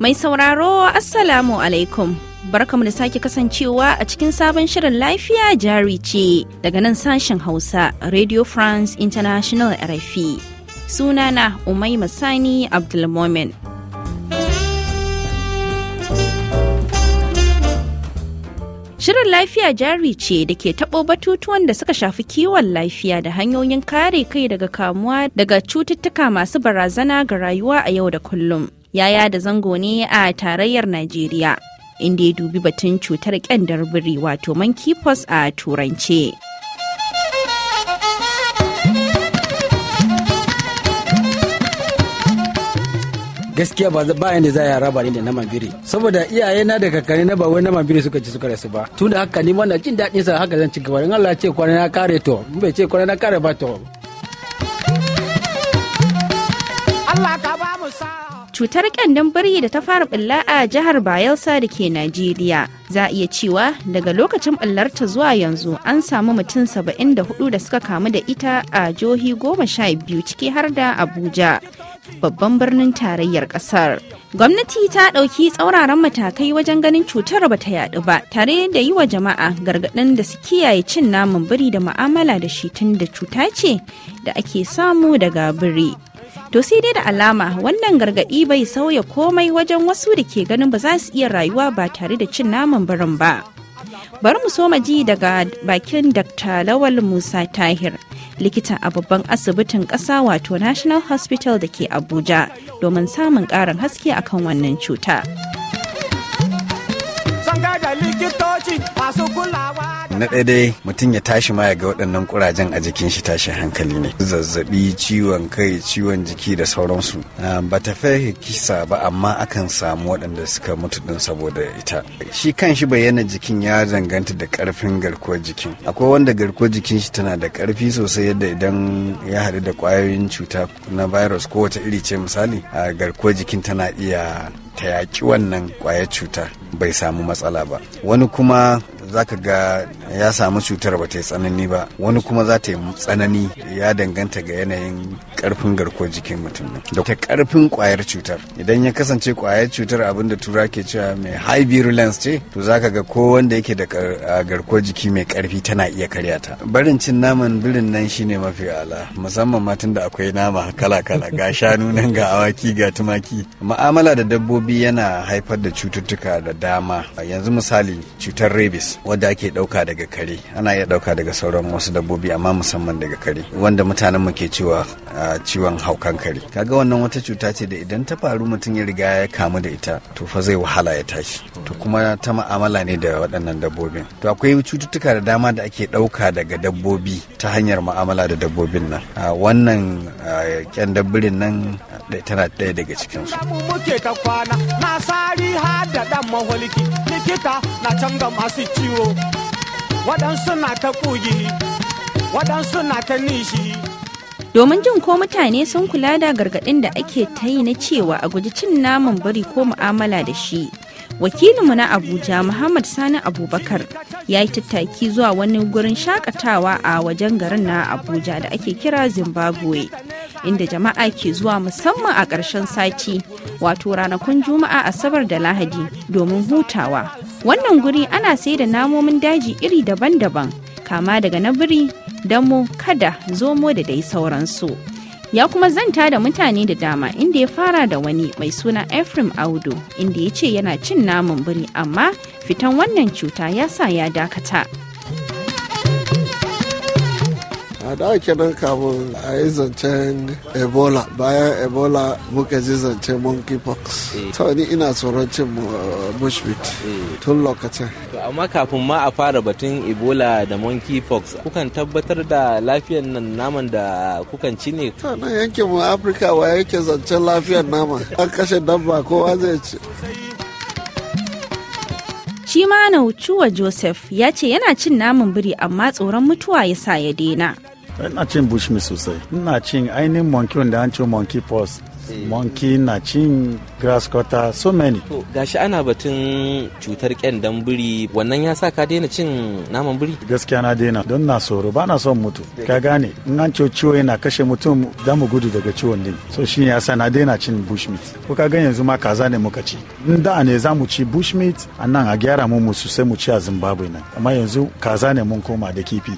Mai sauraro Assalamu alaikum. Barkamu da sake kasancewa a cikin sabon shirin lafiya jari ce daga nan sashen Hausa Radio France International RFI. Sunana Umai Masani Abdulmomin. Shirin lafiya jari ce da ke taɓo batutuwan da suka shafi kiwon lafiya da hanyoyin kare kai daga kamuwa daga cututtuka masu barazana ga rayuwa a yau da kullum. yaya da zango ne a tarayyar Najeriya, inda ya dubi batun cutar kyandar biri wato monkeypox a turance. gaskiya ba za bayan da za yara ba ni da naman biri saboda iyaye na da kakanni na ba wai naman biri suka ci suka rasu ba tunda haka ni ma jin daɗin sa haka zan ci gaba in Allah ya ce kwana na kare to in bai ce kwana na kare ba to Allah ka ba mu sa cutar ƙyandan biri da ta fara bulla a jihar bayelsa da ke najeriya za a iya cewa daga lokacin bullarta zuwa yanzu an samu mutum 74 da suka kamu da ita a johi goma sha biyu ciki har da abuja babban birnin tarayyar kasar. gwamnati ta ɗauki tsauraran matakai wajen ganin cutar ba ta yaɗu ba tare da yi wa jama'a gargaɗin da su kiyaye cin naman biri da ma'amala da shi tun da cuta ce da ake samu daga biri. To sai dai da alama wannan gargaɗi bai sauya komai wajen wasu da ke ganin ba za su iya rayuwa ba tare da cin naman barin ba. Bari mu soma ji daga bakin Dr. Lawal Musa Tahir, likita a babban asibitin ƙasa wato National Hospital da ke Abuja domin samun ƙarin haske akan wannan cuta. Sanga da likitoci masu kula na ɗaya dai mutum ya tashi ma ya ga waɗannan ƙurajen a jikin shi tashin hankali ne Zazzaɓi ciwon kai ciwon jiki da sauransu ah, ba ta fahimci kisa ba amma akan samu waɗanda suka mutu din saboda ita shi kan shi bayyana jikin ya zanganta da ƙarfin garkuwar jikin akwai wanda garkuwar jikin shi tana da ƙarfi sosai yadda idan ya haɗu da ƙwayoyin cuta na virus kowace iri ce misali a ah, garkuwar jikin tana iya ta yaƙi wannan ƙwayar cuta bai samu matsala ba wani kuma za ka ga ya samu cutar ba ta yi tsanani ba wani kuma za ta yi tsanani ya danganta ga yanayin karfin garkuwar jikin mutum da ta karfin kwayar cutar idan ya kasance kwayar cutar abinda tura ke cewa mai high virulence ce to za ka ga ko wanda yake da garkuwar jiki mai karfi tana iya karya ta barin cin naman birin nan shine mafi ala musamman ma tunda akwai nama kala kala ga shanu nan ga awaki ga tumaki ma'amala da dabbobi yana haifar da cututtuka da dama yanzu misali cutar rabies wadda ake ɗauka daga kare ana iya ɗauka daga sauran wasu dabbobi amma musamman daga kare wanda mutanen mu ke cewa ciwon haukan kare kaga wannan wata cuta ce da idan ta faru mutum ya riga ya kamu da ita to fa zai wahala ya tashi to kuma ta ma'amala ne da waɗannan dabbobin to akwai cututtuka da dama da ake ɗauka daga dabbobi ta hanyar ma'amala da dabbobin nan wannan kyan dabbirin nan tana ɗaya daga cikinsu. muke ta kwana na sari da ɗan maholiki likita na canza masu ciwo waɗansu na ta ƙugi waɗansu na ta nishi. Domin jin ko mutane sun kula da gargaɗin da ake ta yi na cewa a guji cin naman bari ko mu'amala da shi. wakilinmu na abuja muhammad sani abubakar ya yi tattaki zuwa wani gurin shakatawa a wajen garin na abuja da ake kira zimbabwe inda jama'a ke zuwa musamman a ƙarshen sati wato ranakun juma'a asabar da lahadi domin hutawa wannan guri ana sai da namomin daji iri daban-daban kama daga na biri damo kada zomo da dai sauransu ya kuma zanta da mutane da dama inda ya fara da wani mai suna ephraim audu inda ya ce yana cin naman biri amma fitan wannan cuta ya sa ya dakata a da kenan kamun a yi zancen ebola bayan ebola muka ji zancen monkeypox eh. Ta ni ina tsoron cin uh, bushmeat eh. tun lokacin amma kafin ma a fara batun ebola da monkeypox kukan tabbatar da lafiyan nan naman da kukan ci ne ta nan yankin mu afirka wa yake zancen lafiyar nama an kashe dabba kowa zai ci shi ma naucuwa joseph ya ce yana cin naman biri amma tsoron mutuwa ya sa ya daina ina cin bushmi sosai ina cin ainihin monkey wanda an ci monkey pox eh. monkey na cin grass cutter so many to gashi ana batun cutar kyandan biri wannan ya sa ka daina cin naman biri gaskiya na daina don na tsoro ba na son mutu ka gane in an ciwo ciwo yana kashe mutum za mu gudu daga ciwon din so shi ya sa na daina cin bushmeat ko ka gan yanzu ma kaza ne muka ci in da ne za mu ci bushmeat a nan a gyara mu mu sai mu ci a zimbabwe nan amma yanzu kaza ne mun koma da kifi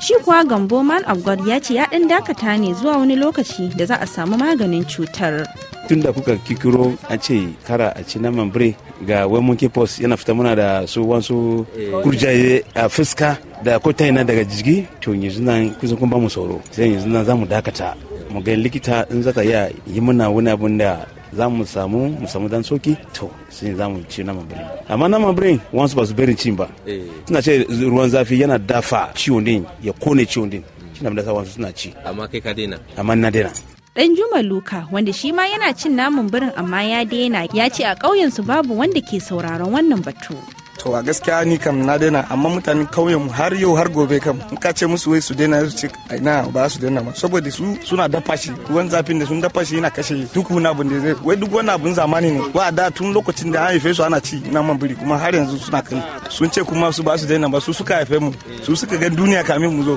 Shi kuwa Gambo Man of God ya ce ya ɗan dakata ne zuwa wani lokaci da za a samu maganin cutar. Tun da kuka kikiro a ce kara a ci naman bire ga wai monkey post yana fita muna da su wasu eh. kurjaye a fuska da ko ta daga jirgi to yanzu nan kusan kun ba mu tsoro sai yanzu nan za mu dakata mu ga likita in zata iya yi muna wani abun da za mu samu mu samu dan soki to sai za mu ci naman birin amma naman birin wasu ba su barin cin ba eh. suna ce ruwan zafi yana dafa ciwon din ya kone ciwon din shi na da wasu suna ci amma kai ka daina amma na daina Dan Juma Luka wanda shi ma yana cin namun birin amma ya daina ya ce a ƙauyensu babu wanda ke sauraron wannan batu. to a gaskiya ni kam na daina amma mutanen kauyen har yau har gobe kam in ka ce musu wai su daina su ce ina ba su daina ba saboda su suna dafa shi ruwan zafin da sun dafa shi yana kashe duk wani abun da zai wai duk wani abun zamani ne ba da tun lokacin da an haife su ana ci na man biri kuma har yanzu suna kai sun ce kuma su ba su daina ba su suka haife mu su suka ga duniya kamin mu zo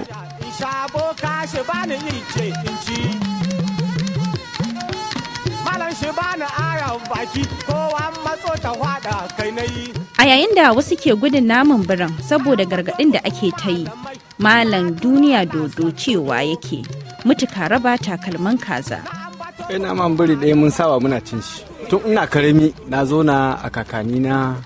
sabo ni baki ko a yayin da wasu ke gudun naman biran saboda gargadin da ake ta yi malam duniya dodo cewa yake mutuka raba takalman kaza kai naman biri ɗaya mun sawa muna cin shi tun ina karami na zo na a kakani na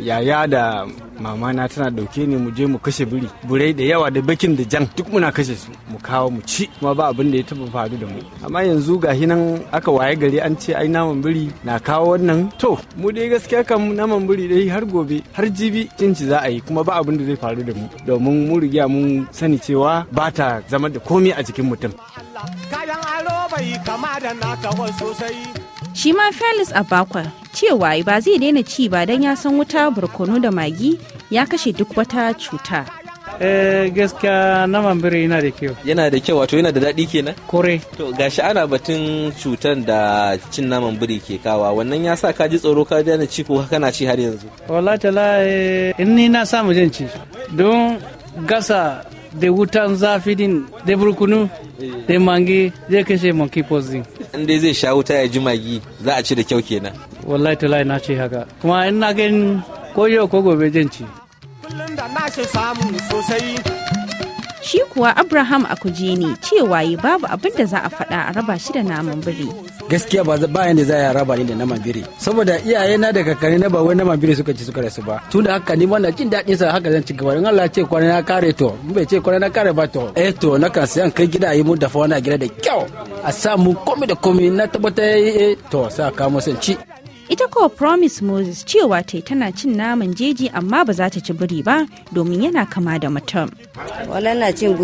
yaya da mamana tana ɗauke ni mu je mu kashe biri burai da yawa da bakin da jan duk muna kashe su kawo mu ci kuma ba abin da ya taba faru da mu amma yanzu ga nan aka waye gari an ce ai naman biri na kawo wannan to mu dai gaskiya kan naman biri dai har gobe har jibi cinci za a yi kuma ba abin da zai faru da mu domin mu riga mun sani cewa ba ta zama da komai a jikin mutum kayan alo bai kama da shi ma Felix Abakwa cewa ba zai daina ci ba don ya san wuta barkono da magi ya kashe duk wata cuta e gaskiya naman biri yana da kyau yana da kyau wato yana da daɗi kenan kore to gashi ana batun cutar da cin naman biri ke kawa wannan ya sa ka ji tsoro ka daina ci ko kana ci har yanzu wallahi tala in ni na samu jin ci don gasa da wutan zafi din da burkunu eh. da mangi zai kashe monkey pox din in dai zai sha wuta ya ji magi za a ci da kyau kenan wallahi na ce haka kuma in na gani ko yau ko gobe jin ci na shi kuwa Abraham kuje ne cewa yi babu abin da za a faɗa a raba shi da naman biri. Gaskiya ba bayan da za a raba ni da naman biri. Saboda iyaye na da kakanni na ba wai naman biri suka ci suka rasu ba. Tun da haka ni ma jin daɗin sa haka zan ci gaba. In Allah ce kwana na kare to, Mun bai ce kwana na kare ba to. Eh to na kan sayan kai gida yi mu dafa wani gida da kyau. A samu komi da komi na tabbata eh, eh, to sa kamo san ci. ita ko promise moses cewa ta tana cin naman jeji amma ba za ta ci biri ba domin yana kama da mutum wala na cin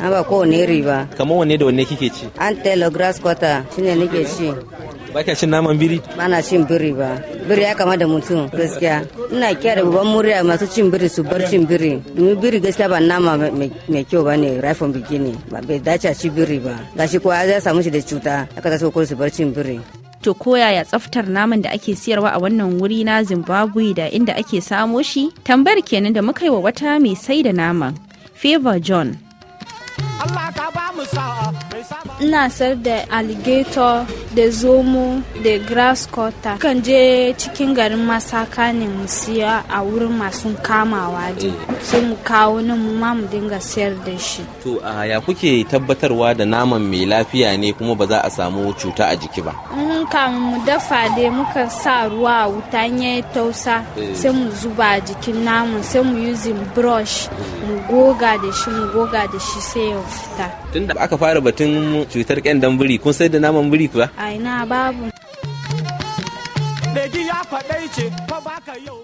an ba ko wani ba kamar wanne da wanne kike ci antelo grass quarter shine nake ci ba ka cin naman biri ba na cin biri ba biri ya kama da mutum gaskiya ina kiya da babban murya masu cin biri su bar cin biri domin biri gaskiya ba nama mai kyau ba ne rifin bikini ba bai dace ci biri ba gashi kuwa ya samu shi da cuta aka taso ko su bar cin biri to koyaya tsaftar naman da ake siyarwa a wannan wuri na zimbabwe da inda ake samo shi tambayar kenan da muka yi wa wata mai sai da naman favor john ina sar da alligator da zomo da grass cutter kan je cikin garin masaka ne mu siya a wurin masu kamawa ne mm. sai mu kawo nan mu ma mu dinga sayar da shi to a ya kuke tabbatarwa da naman mai lafiya ne kuma ba za a samu cuta a jiki ba mun mu dafa dai muka sa ruwa a wuta ya tausa eh. sai mu zuba a jikin namun sai mu using brush mm. mu goga da shi mu goga da shi sai ya fita tunda aka fara batun cutar kyan biri kun sai da naman biri kuwa aina babu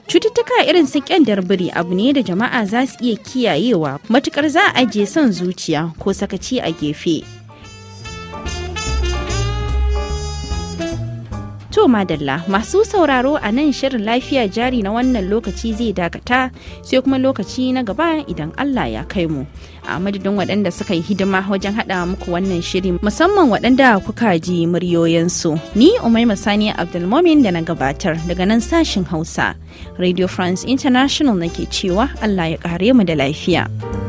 Cututtuka irin su kyandar biri abu ne da jama'a za su iya kiyayewa matukar za a ajiye son zuciya ko sakaci a gefe. To madalla masu sauraro a nan shirin lafiya jari na wannan lokaci zai dakata sai kuma lokaci na gaba idan Allah ya kai mu. A madadin waɗanda suka yi hidima wajen haɗa muku wannan shirin musamman waɗanda kuka ji muryoyinsu. Ni Umai Masani Abdulmomin da na gabatar daga nan sashin Hausa. Radio France International nake cewa Allah ya kare mu da lafiya.